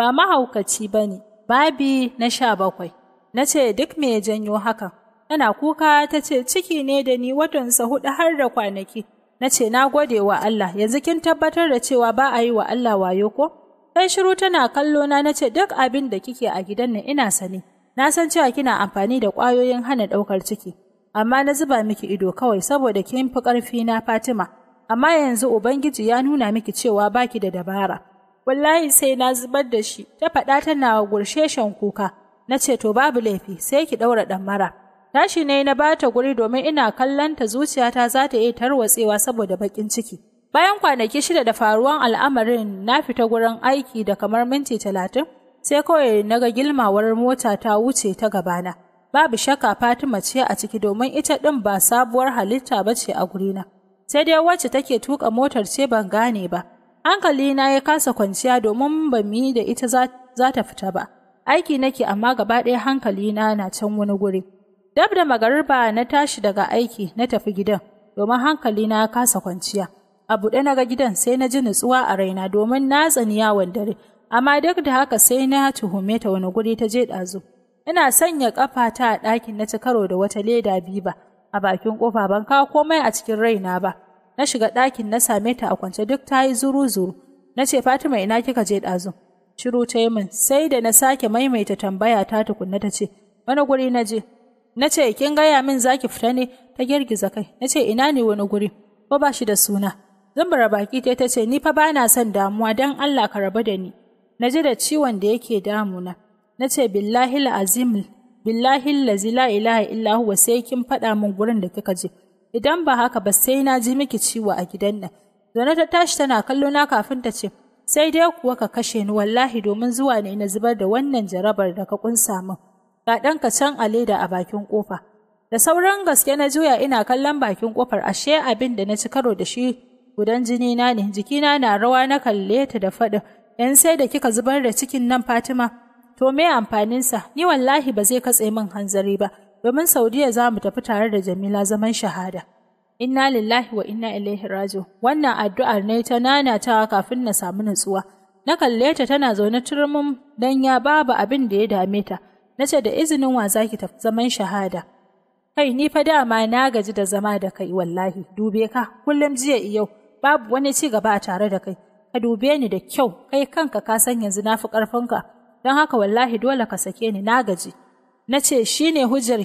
ba mahaukaci ba ne, babi na sha bakwai. Na ce duk me janyo haka tana kuka ta ce ciki ne da ni watansa hudu har da kwanaki. Na ce na gode wa Allah, yanzu kin tabbatar da cewa ba a yi wa Allah wayo ko? Sai shiru tana kallo na na ce duk abin da kike a gidan nan ina sani. Na san cewa kina amfani da ƙwayoyin hana ɗaukar ciki, amma na zuba miki ido kawai saboda kin fi ƙarfi na Fatima. Amma yanzu Ubangiji ya nuna miki cewa baki da dabara. wallahi sai na zubar da shi, ta faɗa tana gursheshen kuka, na ce to babu laifi sai ki ɗaura ɗan mara. Tashi ne na bata guri domin ina kallon ta zuciyata za ta iya tarwatsewa saboda baƙin ciki. Bayan kwanaki shida da faruwan al'amarin na fita gurin aiki da kamar minti talatin, sai kawai na ga gilmawar mota ta wuce ta gabana. Babu shaka Fatima ce a ciki domin ita ɗin ba sabuwar halitta ba ce a gurina. Sai dai wacce take tuka motar ce ban gane ba. Hankali na ya kasa kwanciya domin ba mu yi da ita za ta fita ba. Aiki nake amma gaba ɗaya hankali na na can wani guri. Dab da magariba na tashi daga aiki na tafi gidan domin na ya kasa kwanciya. A buɗe na ga gidan sai na ji nutsuwa a raina domin na tsani yawon dare. Amma duk da haka sai na tuhume ta wani guri ta je ɗazu. Ina sanya ƙafa ta a ɗakin na ci karo da wata leda biba a bakin ƙofa ban kawo komai a cikin raina ba. na shiga ɗakin na same ta a kwance duk ta yi zuru-zuru. Na ce Fatima ina kika je ɗazu. Shiru ta yi min sai da na sake maimaita tambaya ta tukunna ta ce wani guri na je. Na ce kin gaya min zaki fita ne ta girgiza kai. Na ce ina ne wani guri ko ba shi da suna. zambara baki ta ta ce ni fa ba na son damuwa don Allah ka rabu da ni. Na ji da ciwon da yake damuna. Na ce billahi la'azim billahi lazi la ilaha illahu wa sai kin faɗa min gurin da kika je. idan ba haka ba sai na ji miki ciwo a gidan nan. Zaune ta tashi tana kallo na kafin ta ce, sai dai kuwa ka kashe ni wallahi domin zuwa ne na zubar da wannan jarabar da ka kunsa min. Ga ka can a leda a bakin kofa. Da sauran gaske na juya ina kallon bakin kofar. ashe abin da na ci karo da shi gudan jini na ne, jikina na rawa na kalle ta da faɗin, ‘yan sai da kika zubar da cikin nan Fatima, to me amfaninsa, ni wallahi ba zai katse min hanzari ba, domin Saudiya za mu tafi tare da Jamila zaman shahada. Inna lillahi wa inna ilaihi raji'un. Wannan addu'ar ne ta nana tawa kafin na samu nutsuwa. Na kalle ta tana zaune turmin dan ya babu abin da ya dame ta. Na ce da izinin wa ki tafi zaman shahada. Kai ni fa dama na gaji da zama da kai wallahi. Dube ka kullum jiya yau babu wani ci gaba a tare da kai. Ka dube ni da kyau kai kanka ka san yanzu na fi ƙarfinka. Don haka wallahi dole ka sake ni na gaji. na ce shi ne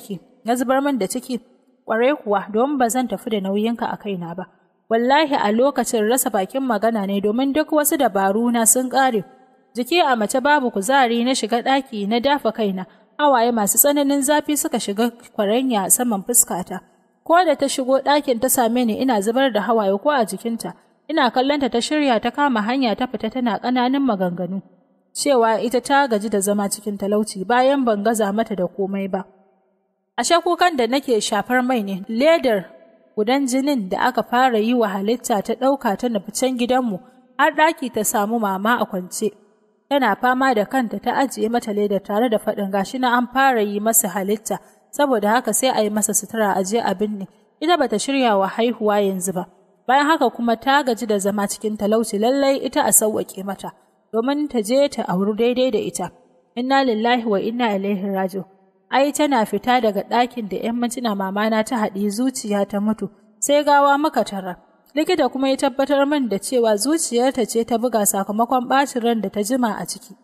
ki. na zubar min da ciki Kwarai kuwa don ba zan tafi da nauyinka a kaina ba wallahi a lokacin rasa bakin magana ne domin duk wasu dabaru na sun ƙare jiki a mace babu kuzari na shiga ɗaki na dafa kaina hawaye masu tsananin zafi suka shiga kwaranya saman fuskata ko da ta shigo ɗakin ta same ni ina zubar da hawaye ko a jikinta ina kallonta ta shirya ta kama hanya ta fita tana ƙananan maganganu cewa ita ta gaji da zama cikin talauci bayan ban gaza mata da komai ba. a shakukan da nake shafar mai ne, ledar gudan jinin da aka fara yi wa halitta ta ɗauka ta nufi can gidanmu har ɗaki ta samu mama a kwance. Tana fama da kanta ta ajiye mata ledar tare da faɗin gashi na an fara yi masa halitta, saboda haka sai a yi masa sutura a je abin ne, ita bata shirya wa haihuwa yanzu ba. Bayan haka kuma ta gaji da zama cikin talauci lallai ita a sauwaƙe mata. domin ta je ta auri daidai da ita. Inna lillahi wa inna ilaihi Ai tana fita daga ɗakin da ‘yan mintuna mamana ta haɗi zuciya ta mutu, sai gawa muka tara. Likita kuma ya tabbatar min da cewa zuciyarta ce ta buga sakamakon ɓacin ran da ta jima a ciki.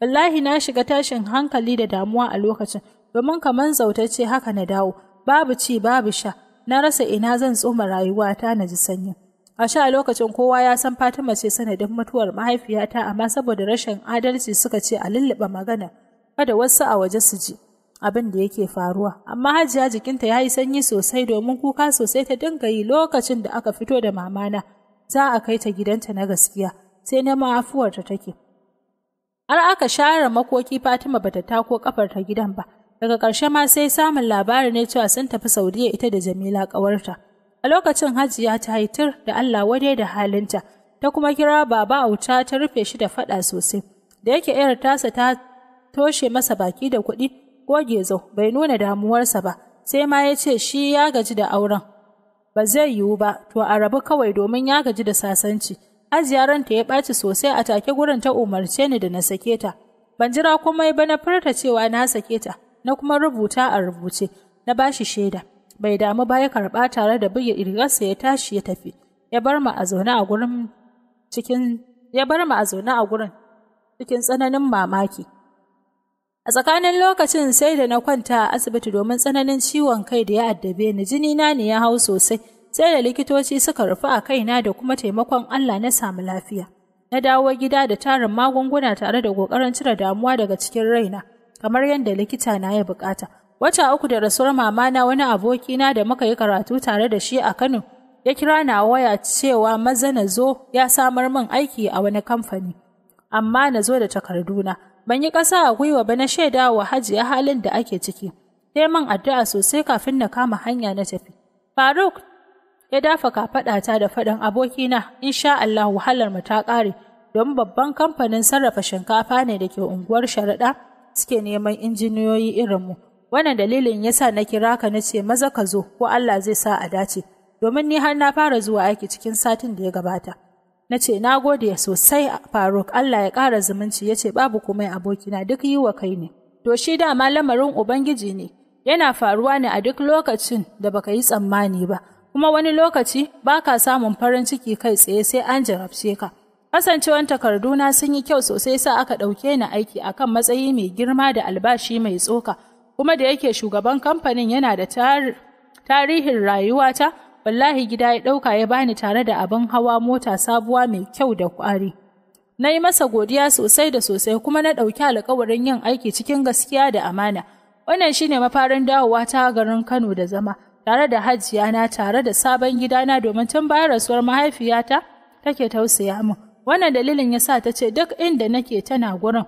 Wallahi na shiga tashin hankali da damuwa a lokacin, domin kamar ce haka na dawo, babu ci babu sha, na rasa ina zan tsoma rayuwata na ji sanyi. A sha lokacin kowa ya san Fatima ce sanadin mutuwar mahaifiyata amma saboda rashin adalci suka ce a lulluɓe magana, kada wasu a waje su ji abin da yake faruwa. Amma hajiya jikinta ya yi sanyi sosai domin kuka sosai ta dinga yi lokacin da aka fito da mamana, za a kai ta gidanta na gaskiya, sai na mafuwarta take. Har aka share makoki Fatima bata tako kafar ta gidan ba, daga ƙarshe ma sai samun labarin ne cewa sun tafi Saudiya ita da Jamila ƙawarta. lokacin hajiya ta haitar da Allah wadai da halinta, ta kuma kira baba auta ta rufe shi da faɗa sosai. Da yake ‘yar tasa ta toshe masa baki da kuɗi, goge zau bai nuna damuwarsa ba, sai ma ya ce shi ya gaji da auren. Ba zai yiwu ba, to a rabu kawai domin ya gaji da sasanci. Hajiya ranta ya ɓaci sosai a take gurin ta umarce ni da na sake ta. Ban jira komai ba na furta cewa na sake ta, na kuma rubuta a rubuce, na bashi shaida. bai damu ba ya karɓa tare da buge rigarsa ya tashi ya tafi ya bar mu a zaune a gurin cikin ya bar mu a zaune a gurin cikin tsananin mamaki a tsakanin lokacin sai da na kwanta a asibiti domin tsananin ciwon kai da ya addabe ni jini na ne ya hau sosai sai da likitoci suka rufe a kaina da kuma taimakon Allah na samu lafiya na dawo gida da tarin magunguna tare da kokarin cire damuwa daga cikin raina kamar yadda likita na ya bukata Wata uku da rasuwar mamana wani abokina da muka yi karatu tare da shi a Kano ya kira na waya cewa maza na zo ya samar min aiki a wani kamfani. Amma na zo da takarduna. Ban yi ƙasa a gwiwa ba na shaida wa hajiya halin da ake ciki. Sai man addu'a sosai kafin na kama hanya na tafi. Faruk ya dafa kafaɗata da faɗin abokina, insha Allah wahalar mu ta ƙare, don babban kamfanin sarrafa shinkafa ne da ke unguwar sharaɗa suke neman injiniyoyi irinmu. mu. Wannan dalilin yasa na kira ka na ce maza ka zo ko Allah zai sa a dace, domin ni har na fara zuwa aiki cikin satin da ya gabata. Na ce na gode sosai Faruk Allah ya ƙara zumunci ya ce babu komai abokina duk yiwa kai ne. To shi dama lamarin Ubangiji ne, yana faruwa ne a duk lokacin da baka yi tsammani ba, kuma wani lokaci ba ka samun farin ciki kai tsaye sai an jarabce ka. Kasancewan takarduna sun yi kyau sosai sa aka ɗauke ni aiki akan matsayi mai girma da albashi mai tsoka, kuma da yake shugaban kamfanin yana da tarihin rayuwata wallahi gida ya ɗauka ya bani tare da abin hawa mota sabuwa mai kyau da ƙwari. Na yi masa godiya sosai da sosai kuma na ɗauki alkawarin yin aiki cikin gaskiya da amana. Wannan shine mafarin dawowa ta garin Kano da zama, tare da hajiya na tare da sabon gidana domin tun bayan rasuwar mahaifiyata take tausaya min. Wannan dalilin ya sa ta ce duk inda nake tana gurin.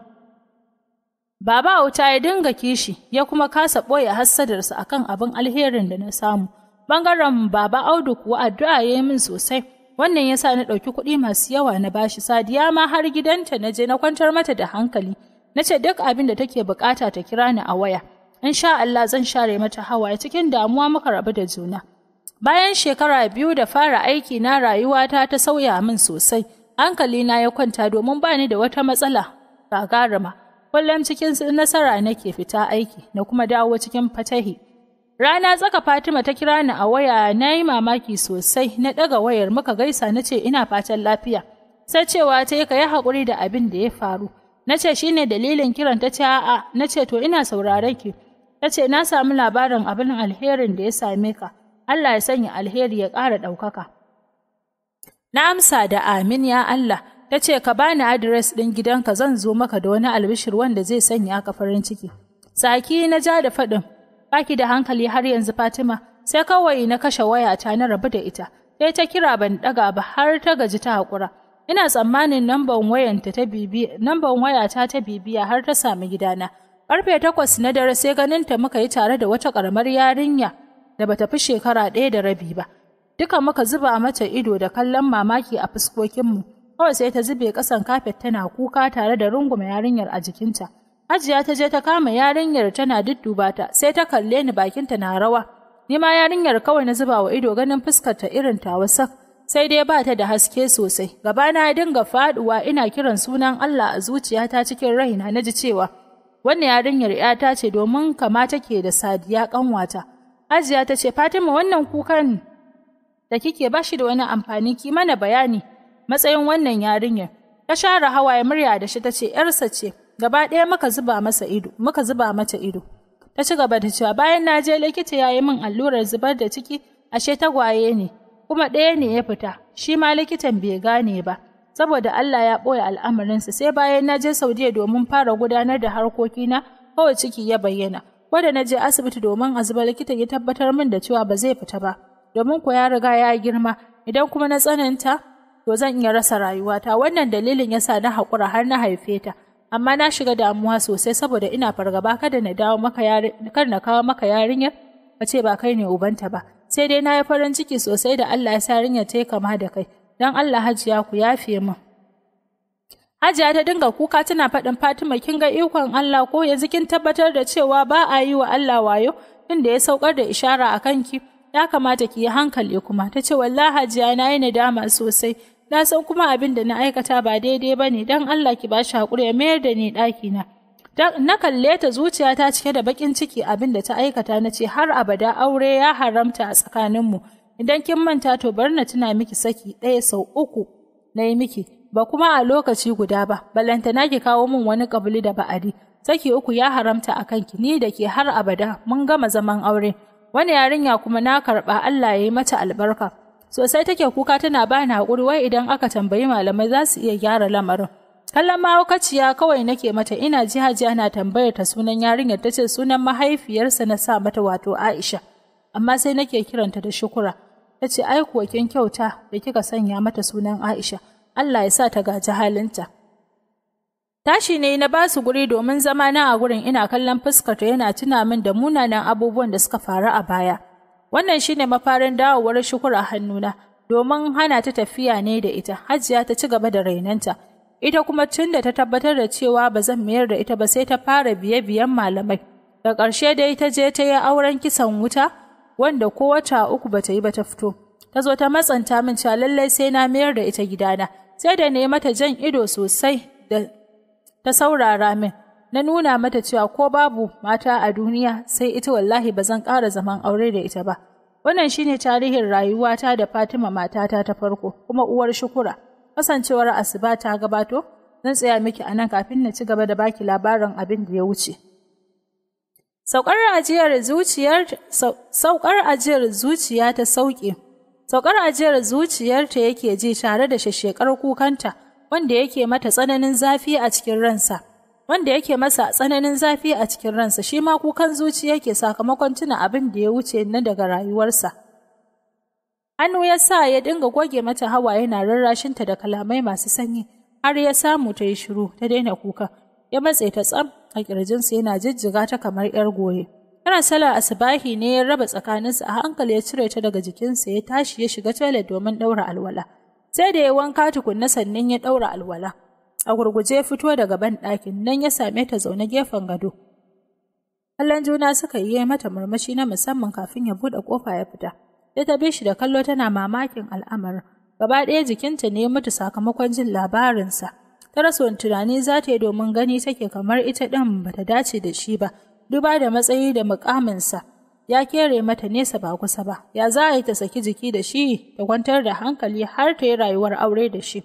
Baba wuta ya dinga kishi ya kuma kasa ɓoye hassadarsa a kan abin alherin da na samu. Bangaren Baba Audu kuwa addu'a ya yi min sosai. Wannan ya sa na ɗauki kuɗi masu yawa na bashi sadiya ma har gidanta na je na kwantar mata da hankali. Na ce duk abin da take bukata ta kira ni a waya. In sha Allah zan share mata hawa. hawaye cikin damuwa muka rabu da juna. Bayan shekara biyu da fara aiki na rayuwata ta sauya min sosai. Hankalina ya kwanta domin bani da wata matsala gagarima. kullum cikin nasara nake fita aiki na kuma dawo cikin fatahi. Rana tsaka Fatima ta kira ni a waya na yi mamaki sosai na ɗaga wayar muka gaisa na ce ina fatan lafiya. Sai cewa ta yi ka yi haƙuri da abin da ya faru. Na ce shi ne dalilin kiran ta ce a'a na ce to ina sauraron ki. Ta ce na samu labarin abin alherin da ya same ka. Allah ya sanya alheri ya ƙara ɗaukaka. Na amsa da amin ya Allah. ta ce ka bani adires ɗin gidanka zan zo maka da wani albishir wanda zai sanya ka farin ciki. Saki na ja da faɗin, baki da hankali har yanzu Fatima, sai kawai na kashe wayata na rabu da ita, sai ta kira ban ɗaga ba har ta gaji ta haƙura. Ina tsammanin namban wayanta ta bibiya, namban wayata ta bibiya har ta sami gidana. Ƙarfe takwas na dare sai ganin ta muka yi tare da wata ƙaramar yarinya da bata fi shekara ɗaya da rabi ba. Duka muka zuba mata ido da kallon mamaki a fuskokinmu. kawai sai ta zube ƙasan kafet tana kuka tare da rungume yarinyar a jikinta. Hajiya ta je ta kama yarinyar tana dudduba ta, sai ta kalle ni bakinta na rawa. Ni ma yarinyar kawai na zuba wa ido ganin fuskar ta irin ta wasa, sai dai ba ta da haske sosai. Gabana ya dinga faɗuwa, ina kiran sunan Allah a zuciyata cikin raina na ji cewa wannan yarinyar ‘yata ce domin kama take da sadiya kanwata. Hajiya ta ce Fatima wannan kukan da kike ba shi da wani amfani ki mana bayani. matsayin wannan yarinyar. Ta share hawaye murya da shi ta ce ‘yarsa ce, gaba ɗaya muka zuba masa ido, muka zuba mata ido. Ta ci gaba da cewa bayan na je likita ya yi min allurar zubar da ciki, ashe tagwaye ne, kuma ɗaya ne ya fita, shi ma likitan bai gane ba. saboda Allah ya ɓoye al'amarinsa sai bayan na je Saudiya domin fara gudanar da harkokina kawai ciki ya bayyana. Wanda na je asibiti domin a zuba likita ya tabbatar min da cewa ba zai fita ba, domin ko ya riga ya girma, idan kuma na tsananta to zan iya rasa rayuwata wannan dalilin yasa na haƙura har na haife ta amma na shiga damuwa sosai saboda ina fargaba kada na dawo maka kar na kawo maka yarinyar a ce ba kai ne ubanta ba sai dai na yi farin ciki sosai da Allah ya sa yarinyar ta yi kama da kai dan Allah hajiya ku yafe min Hajiya ta dinga kuka tana faɗin Fatima kin ga ikon Allah ko yanzu kin tabbatar da cewa ba a yi wa Allah wayo inda ya saukar da ishara a kanki ya kamata ki yi hankali kuma ta ce wallahi hajiya na yi nadama sosai na san kuma abin da na aikata ba daidai ba ne don Allah ki bashi haƙuri ya mayar da ni ɗaki Na na kalle ta ta cike da bakin ciki abin da ta aikata na ce har abada aure ya haramta a tsakaninmu idan kin manta to bar na tuna miki saki ɗaya sau uku na yi miki ba kuma a lokaci guda ba balanta na ki kawo min wani ƙabili da ba'adi saki uku ya haramta a kanki ni da ke har abada mun gama zaman aure. wani yarinya kuma na karɓa Allah ya yi mata albarka sosai take kuka tana bani haƙuri wai idan aka tambayi malamai za su iya gyara lamarin kallon mahaukaciya kawai nake mata ina ji hajiya na tambayar ta sunan yarinyar ta ce sunan mahaifiyarsa na sa mata wato Aisha amma sai nake kiranta da shukura ta ce ai kin kyauta da kika sanya mata sunan Aisha Allah ya sa ta gaji halinta Tashi ne na ba su guri domin zama na a gurin ina kallon ta yana tuna min da munanan abubuwan da suka faru a baya. Wannan shi ne mafarin dawowar shukur a hannuna domin hana ta tafiya ne da ita. Hajiya ta ci gaba da rainanta. Ita kuma tun da ta tabbatar da cewa ba zan mayar da ita ba sai ta fara biye-biyen malamai. Da ƙarshe dai ta je ta yi auren kisan wuta wanda ko wata uku ba ta yi ba ta fito. Ta zo ta matsanta min cewa lallai sai na mayar da ita gidana. Sai da ne mata jan ido sosai da ta saurara min, na nuna mata cewa ko babu mata a duniya sai ita wallahi ba zan ƙara zaman aure da ita ba. Wannan shine tarihin rayuwata da Fatima matata ta farko, kuma uwar shukura. Kasancewar Asuba ta gabato, zan tsaya miki a nan kafin na ci gaba da baki labarin abin da ya wuce. Saukar ajiyar zuciyar ajiyar zuciya ta sauke. Saukar ajiyar zuciyarta yake ji tare da shashekar kukanta. wanda yake mata tsananin zafi a cikin ransa wanda yake masa tsananin zafi a cikin ransa shi ma kukan zuci yake sakamakon tuna abin da ya wuce na daga rayuwarsa hannu ya sa ya dinga goge mata hawa yana rarrashinta da kalamai masu sanyi har ya samu ta yi shiru ta daina kuka ya matse ta tsam a ƙirjinsa yana jijjiga ta kamar yar goye yana salar asibahi ne ya raba tsakaninsa, a hankali ya cire ta daga jikinsa ya tashi ya shiga toilet domin ɗaura alwala sai da ya wanka tukunna sannan ya ɗaura alwala. A gurguje fito daga banɗakin nan ya same ta zaune gefen gado. Kallon juna suka yi mata murmushi na musamman kafin ya buɗe ƙofa ya fita. Ya tabe shi da kallo tana mamakin al'amar Gaba ɗaya jikinta ne mutu sakamakon jin labarinsa. Ta rasa wani tunani za ta yi domin gani take kamar ita ɗin ba ta dace da shi ba, duba da matsayi da muƙaminsa. ya kere mata nesa ba kusa ba, ya za a yi ta saki jiki da shi ta kwantar da hankali har ta yi rayuwar aure da shi.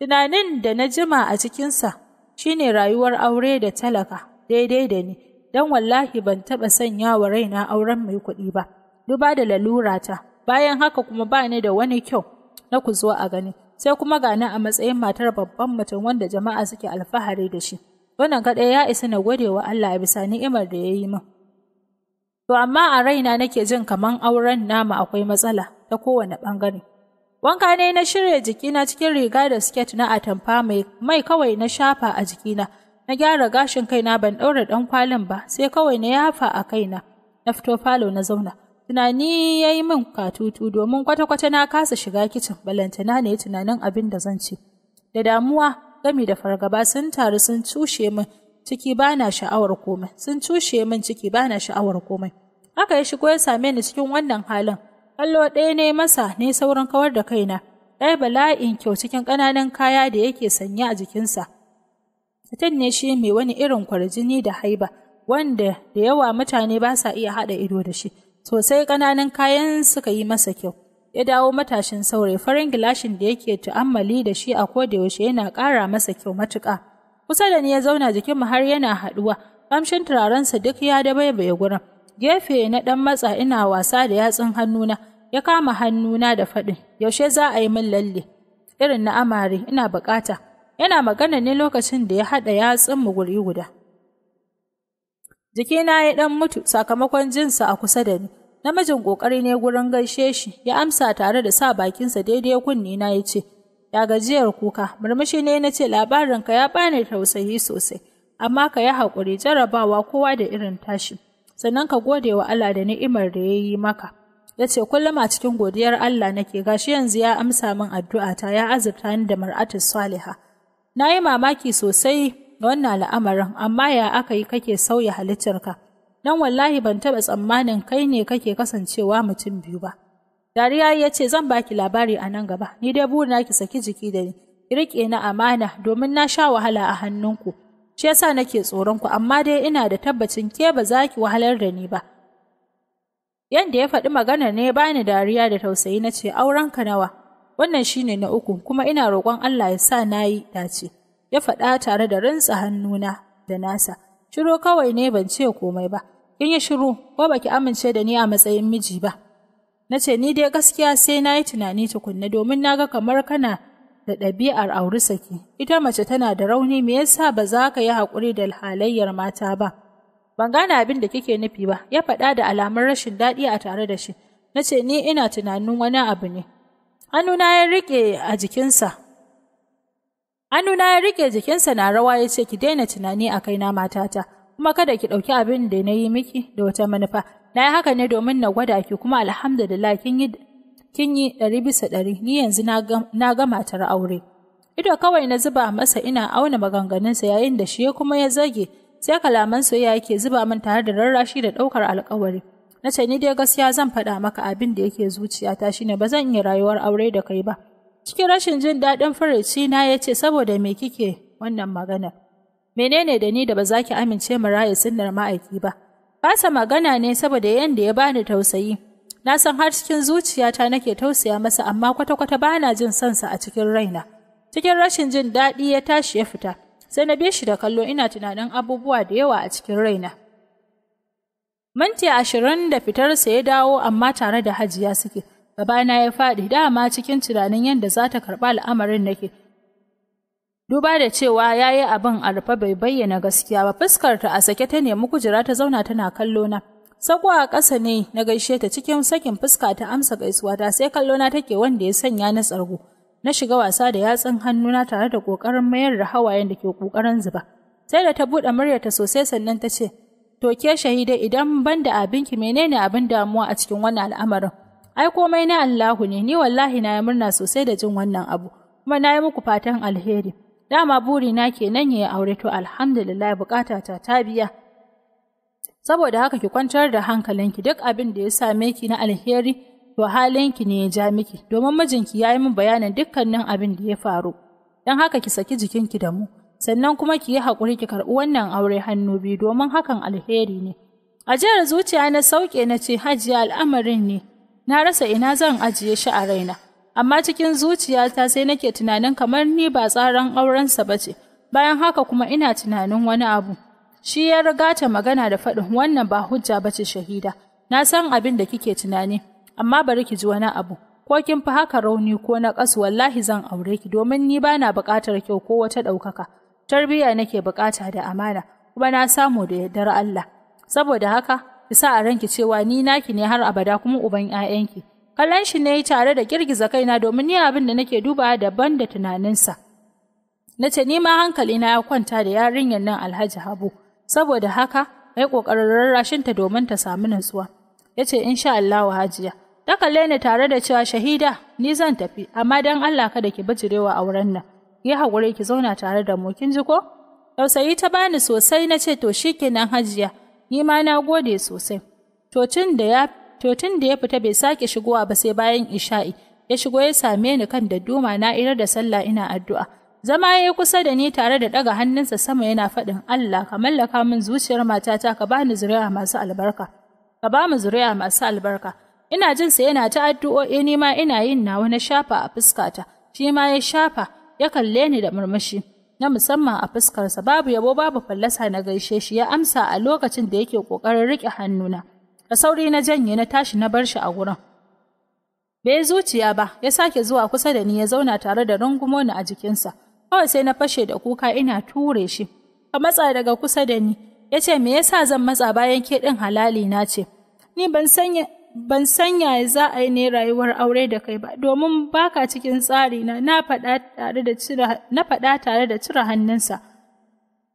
Tunanin da na jima a cikinsa shi ne rayuwar aure da talaka daidai da ni, don wallahi ban taɓa sanya wa raina auren mai kuɗi ba, duba da lalurata, bayan haka kuma ba ni da wani kyau na ku zo a gani, sai kuma gani a matsayin matar babban mutum wanda jama'a suke alfahari da shi. Wannan kaɗai ya isa na gode wa Allah a bisa ni'imar da ya yi min. To amma a raina nake jin kaman auren nama akwai matsala ta kowane bangare. Wanka ne na shirya jikina cikin riga da siket na atamfa mai mai kawai na shafa a jikina. Na gyara gashin kaina ban ɗaura ɗan kwalin ba, sai kawai na yafa a kaina. Na fito falo na zauna. Tunani ya yi min katutu domin kwata-kwata na kasa shiga kicin balantana ne tunanin abin da zan ci. Da damuwa gami da fargaba sun taru sun cushe min ciki bana sha'awar komai sun cushe min ciki bana sha'awar komai haka ya shigo ya same ni cikin wannan halin kallo ɗaya ne masa ne sauran kawar da kaina ɗaya bala'in kyau cikin ƙananan kaya da yake sanya a jikinsa mutum ne shi mai wani irin kwarjini da haiba wanda da yawa mutane ba sa iya haɗa ido da shi sosai ƙananan kayan suka yi masa kyau ya dawo matashin saurayi farin gilashin da yake ta'ammali da shi a yaushe yana ƙara masa kyau matuƙa Kusa da ni ya zauna jikinmu har yana haɗuwa, ƙamshin sa duk ya dabaibaye gurin. Gefe na ɗan matsa ina wasa da yatsun hannuna, ya kama hannuna da faɗin, yaushe za a yi min lalle. Irin na amare, ina buƙata. Yana magana ne lokacin da ya haɗa yatsunmu guri guda. Jikina ya ɗan mutu sakamakon jinsa a kusa da ni. Namijin ƙoƙari ne gurin gaishe shi, ya amsa tare da sa bakinsa daidai kunni na ya ce, ya gajiyar kuka, murmushi ne na ce labarinka ya bani tausayi sosai, amma ka yi haƙuri jarabawa kowa da irin tashi, sannan ka gode wa Allah da ni'imar da ya yi maka. Ya ce kullum a cikin godiyar Allah nake gashi yanzu ya amsa min addu'ata ya azurta ni da mar'atu saliha. Na yi mamaki sosai ga wannan al'amarin, amma ya aka yi kake sauya halittarka. Dan wallahi ban taɓa tsammanin kai ne kake kasancewa mutum biyu ba. Dariya ya ce zan baki labari a nan gaba, ni dai burina ki saki jiki da ni, ki rike na amana domin na sha wahala a hannunku. Shi yasa nake tsoron ku amma dai ina da tabbacin ke ba za ki wahalar da ni ba. Yanda ya faɗi magana ne bani dariya da tausayi na ce ka nawa, wannan shi ne na uku kuma ina roƙon Allah ya sa na yi dace. Ya faɗa tare da rintsa hannuna da nasa, shiro kawai ne ban ce komai ba, kin yi shiru ko baki amince da ni a matsayin miji ba. Na ce, Ni dai gaskiya sai na yi tunani tukunna domin na ga kamar kana da ɗabi'ar auri saki. Ita mace tana da rauni me yasa ba za ka yi haƙuri da halayyar mata ba. Ban gane abin da kike nufi ba, ya faɗa da alamun rashin daɗi a tare da shi. Na ce, Ni ina tunanin wani abu ne. Hannuna ya riƙe a jikinsa. Hannuna ya riƙe jikinsa na rawa ya ce, Ki daina tunani a kaina matata, kuma kada ki ɗauki abin da na yi miki da wata manufa. na yi haka ne domin na gwada ki kuma alhamdulillah kin yi kin yi ɗari bisa ɗari ni yanzu na ga matar aure ido kawai na zuba masa ina auna maganganunsa yayin da shi ya kuma ya zage sai kalaman soyayya yake zuba min tare da rarrashi da ɗaukar alkawari na ce ni dai gaskiya zan faɗa maka abin da yake zuciyata shine ba zan iya rayuwar aure da kai ba cikin rashin jin daɗin furici na ya ce saboda me kike wannan magana menene da ni da ba za ki amince mu raye sunnar ma'aiki ba Basa magana ne saboda yadda ya bani tausayi. Na san har cikin zuciyata nake tausaya masa amma kwata-kwata ba na jin sansa a cikin raina. Cikin rashin jin daɗi ya tashi ya fita, sai na bi shi da kallo ina tunanin abubuwa da yawa a cikin raina. Minti ashirin da fitarsa ya dawo amma tare da hajiya suke. Gabana ya faɗi dama cikin tunanin yadda za ta karɓa al'amarin nake, Duba da cewa ya yi abin a bai bayyana gaskiya ba Fuskar ta a sake ta nemi kujera ta zauna tana kallo na. Sako a ƙasa ne na gaishe ta cikin sakin fuska ta amsa gaisuwa ta sai kallo na take wanda ya sanya na tsargo. Na shiga wasa da yatsun hannuna tare da ƙoƙarin mayar da hawayen da ke ƙoƙarin zuba. Sai da ta buɗe muryarta sosai sannan ta ce, To ke shahida idan ban da abinki menene abin damuwa a cikin wannan al'amarin? Ai komai na Allahu ne, ni wallahi na yi murna sosai da jin wannan abu, kuma na yi muku fatan alheri. dama burina kenan ya yi aure to alhamdulillah bukata ta biya saboda haka ki kwantar da hankalinki duk abin da ya same ki na alheri to halinki ne ya ja miki domin mijinki ya yi min bayanin dukkanin abin da ya faru don haka ki saki jikinki da mu sannan kuma ki yi haƙuri ki karɓi wannan aure hannu biyu domin hakan alheri ne a jihar zuciya na sauke na ce hajiya al'amarin ne na rasa ina zan ajiye shi a raina amma cikin zuciyata sai nake tunanin kamar ni ba tsaran aurensa ba ce, bayan haka kuma ina tunanin wani abu. Shi ya riga ta magana da faɗin wannan ba hujja ba ce shahida, na san abin da kike tunani, amma bari ki ji wani abu, ko kin fi haka rauni ko na ƙasu wallahi zan aure ki domin ni ba na buƙatar kyau ko wata ɗaukaka, tarbiyya nake buƙata da amana, kuma na samu da yardar Allah. Saboda haka, isa a ranki cewa ni naki ne har abada kuma uban 'ya'yanki. Kallon shi ne tare da girgiza kaina domin ni abin da nake duba daban da tunaninsa. Na ce ni ma hankali na ya kwanta da yarinyar nan Alhaji Habu, saboda haka ya kokarin rarrashin ta domin ta samu nutsuwa. Ya ce in sha Allah wa Hajiya. Ta kalle ni tare da cewa shahida ni zan tafi amma don Allah kada ki bijirewa auren nan. Yi haƙuri ki zauna tare da mu kin ji ko? Tausayi ta bani sosai na ce to shi kenan Hajiya. Ni ma na gode sosai. To da ya to tun da ya fita bai sake shigowa ba sai bayan isha'i ya shigo ya same ni kan dadduma na irar da sallah ina addu'a zama ya yi kusa da ni tare da ɗaga hannunsa sama yana faɗin Allah ka mallaka min zuciyar matata ka bani zuri'a masu albarka ka ba mu zuri'a masu albarka ina jin sa yana ta addu'o'i ni ma ina yin nawa na shafa a fuskata shi ma ya shafa ya kalle ni da murmushi na musamman a fuskarsa babu yabo babu fallasa na gaishe shi ya amsa a lokacin da yake ƙoƙarin riƙe hannuna. da sauri na janye na tashi na bar shi a wurin. Bai zuciya ba, ya sake zuwa kusa da ni ya zauna tare da rungumoni a jikinsa, kawai sai na fashe da kuka ina ture shi. Ka matsa daga kusa da ni, ya ce me yasa zan matsa bayan ke ɗin halali na ce, ni ban sanya ban sanya za a yi ne rayuwar aure da kai ba domin baka cikin tsari na na faɗa tare da cire hannunsa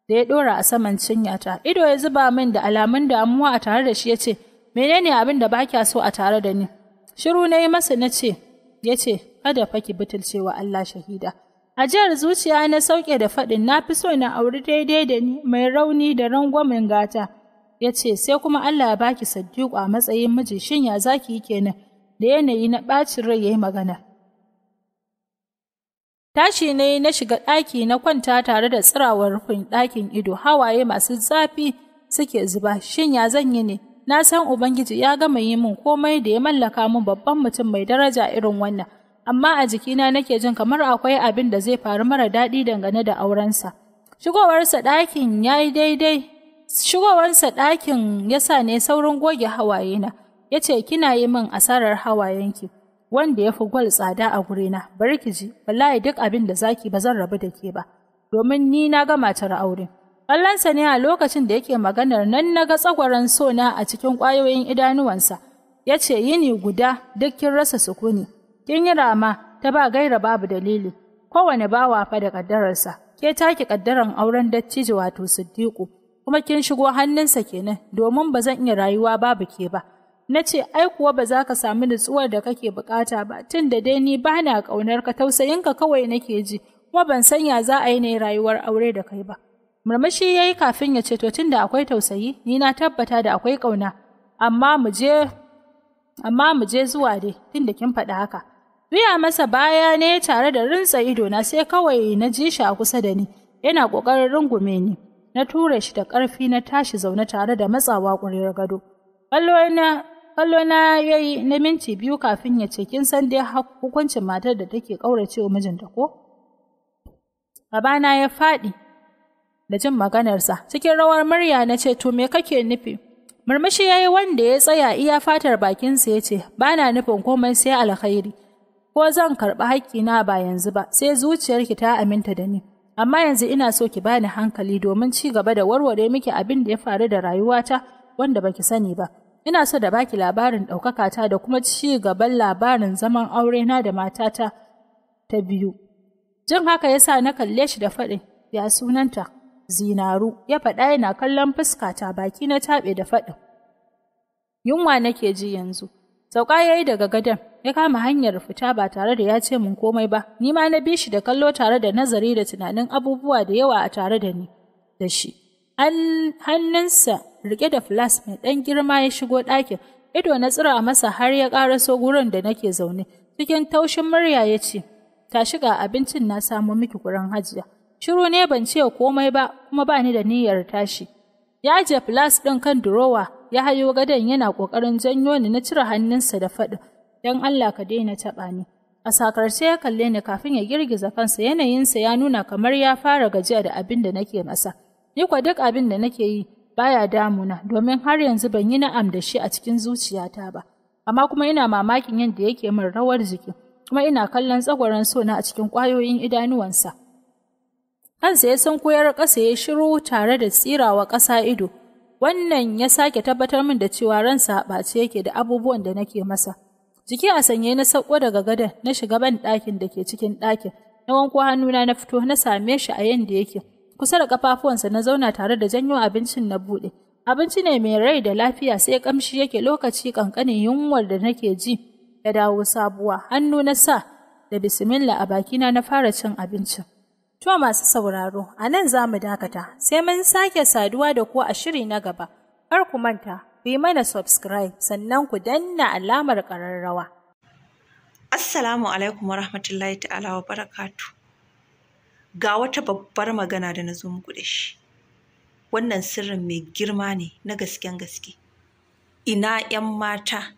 da ya ɗora a saman cinyata ido ya zuba min da alamun damuwa a tare da shi ya ce menene abin da ba kya so a tare da ni? Shiru na yi masa na ce, ya ce, kada fa ki butulce wa Allah shahida. A jihar zuciya na sauke da faɗin na fi so na auri daidai da ni mai rauni da rangwamen gata. Ya ce, sai kuma Allah ya baki saddiƙo a matsayin miji shin ya zaki yi kenan da yanayi na bacin rai ya yi magana. Tashi ne na shiga ɗaki na kwanta tare da tsirawar rufin ɗakin ido hawaye masu zafi suke zuba shin ya zan yi ne na san Ubangiji ya gama yi min komai da ya mallaka min babban mutum mai daraja irin wannan, amma a jikina nake jin kamar akwai abin da zai faru mara daɗi dangane da aurensa. Shigowarsa ɗakin ya yi daidai, shigowarsa ɗakin ya sa ne saurin goge hawayena, ya ce kina yi min asarar hawayenki, wanda ya fi gwal tsada a gurina, bari ki ji, wallahi duk abin da zaki ba zan rabu da ke ba, domin ni na gama tara auren. Kallonsa ne a lokacin da yake maganar nan na ga tsagwaron sona a cikin ƙwayoyin idanuwansa, ya ce yini guda duk kin rasa sukuni, kin yi rama ta ba gaira babu dalili, kowane bawa fa da ƙaddararsa, ke take ƙaddaran auren dattijo wato Siddiƙu, kuma kin shigo hannunsa kenan domin ba zan iya rayuwa babu ke ba. Na ce, ai kuwa ba za ka sami nutsuwar da kake bukata ba, tun da dai ni ba na ƙaunar ka tausayinka kawai nake ji, kuma ban sanya za a yi ne rayuwar aure da kai ba. Murmushi ya yi kafin ya ce, To tun da akwai tausayi, ni na tabbata da akwai ƙauna, amma mu je amma mu je zuwa dai, tun da kin faɗi haka. Biya masa baya ne tare da rintsa ido na sai kawai na ji shi a kusa da ni, yana ƙoƙarin rungume ni. Na tura shi da ƙarfi na tashi zaune tare da matsawa ƙurar gado. Kallo na ya yi na minti biyu kafin ya ce, Kin san dai hukuncin matar da take ƙaurace wa mijinta ko? babana ya faɗi, da jin maganarsa cikin rawar murya na ce to me kake nufi murmushi ya yi wanda ya tsaya iya fatar bakinsa ya ce ba na nufin komai sai alkhairi ko zan karɓi haƙƙina ba yanzu ba sai zuciyarki ta aminta da ni amma yanzu ina so ki bani hankali domin ci gaba da warware miki abin da ya faru da rayuwata wanda baki sani ba ina so da baki labarin ɗaukakata da kuma ci gaban labarin zaman aure na da matata ta biyu jin haka yasa na kalle shi da faɗin ya sunanta zinaru, ya faɗa yana kallon fuskata baki na taɓe da faɗin. Yunwa nake ji yanzu, sauka ya yi daga gadon, ya kama hanyar fita ba tare da ya ce min komai ba, ni ma na bi shi da kallo tare da nazari da tunanin abubuwa da yawa a tare da ni, da shi. an Hannunsa riƙe da flas mai ɗan girma ya shigo ɗakin, ido na tsira masa har ya ƙaraso gurin da nake zaune, cikin taushin murya ya ce, tashi ga abincin na samo miki kurin hajiya. Shiru ne ban ce komai ba kuma ba ni da niyyar tashi. Ya je flas ɗin kan durowa ya hayo gadon yana ƙoƙarin janyo ni na cire hannunsa da faɗi. Don Allah ka daina taɓa ni. A sakarce ya kalle ni kafin ya girgiza kansa yanayinsa ya nuna kamar ya fara gajiya da abin da nake masa. Ni kwa duk abin da nake yi baya damuna domin har yanzu ban yi na'am da shi a cikin zuciyata ba. Amma kuma ina mamakin yadda yake min rawar jiki kuma ina kallon tsagwaron sona a cikin ƙwayoyin idanuwansa. kansa ya san koyar ƙasa ya shiru tare da tsirawa ƙasa ido. Wannan ya sake tabbatar min da cewa ransa ɓace yake da abubuwan da nake masa. Jiki a sanye na sauko daga gadon na shiga ban ɗakin da ke cikin ɗakin. Na wanko hannuna na fito na same shi a yanda yake. Kusa da ƙafafuwansa na zauna tare da janyo abincin na buɗe. Abinci ne mai rai da lafiya sai ƙamshi yake lokaci ƙanƙanin yunwar da nake ji ya dawo sabuwa. Hannu na sa da bisimilla a bakina na fara cin abincin. To masu sauraro, a nan za mu dakata, sai mun sake saduwa da ku a shiri na gaba. Kar ku manta, ku yi mana subscribe sannan ku danna alamar ƙararrawa. Assalamu alaikum wa rahmatullahi ta'ala wa barakatu. Ga wata babbar magana da na zo muku da shi. Wannan sirrin mai girma ne na gasken gaske. Ina ‘yan mata,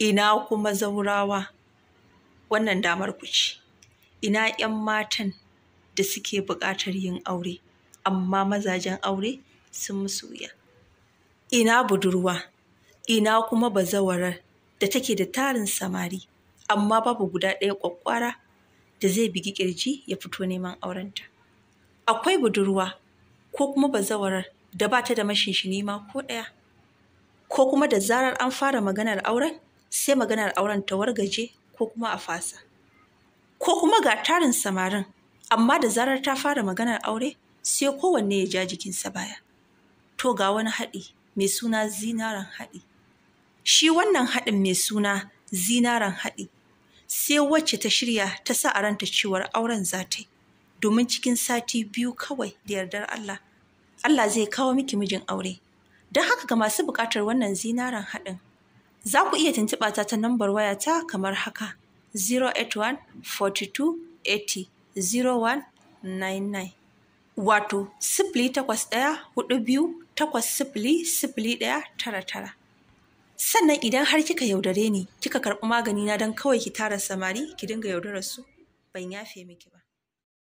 ina kuma zaurawa, wannan damar ku ce. Ina ‘yan matan da suke buƙatar yin aure, amma mazajen aure sun musu wuya. Ina budurwa, ina kuma bazawarar da take da tarin samari, amma babu guda ɗaya ƙwaƙƙwara da zai bigi ƙirji ya fito neman aurenta. Akwai budurwa ko kuma bazawarar da ba ta da mashinshini ma ko ɗaya, ko kuma da zarar an fara maganar auren sai maganar auren ta wargaje ko kuma a fasa. Ko kuma ga tarin samarin amma da zarar ta fara maganar aure sai kowanne ya ja jikinsa baya to ga wani haɗi mai suna zinaran haɗi shi wannan haɗin mai suna zinaran haɗi sai wacce ta shirya ta sa a ranta cewar auren za ta yi domin cikin sati biyu kawai da yardar Allah Allah zai kawo miki mijin aure don haka ga masu buƙatar wannan zinaran haɗin za ku iya tuntuɓa ta ta nambar ta kamar haka 081 42 80 0199 wato sifili takwas ɗaya hudu biyu takwas sifili sifili ɗaya tara tara sannan idan har kika yaudare ni kika karɓi magani na don kawai ki tara samari ki dinga yaudarar su ban yafe miki ba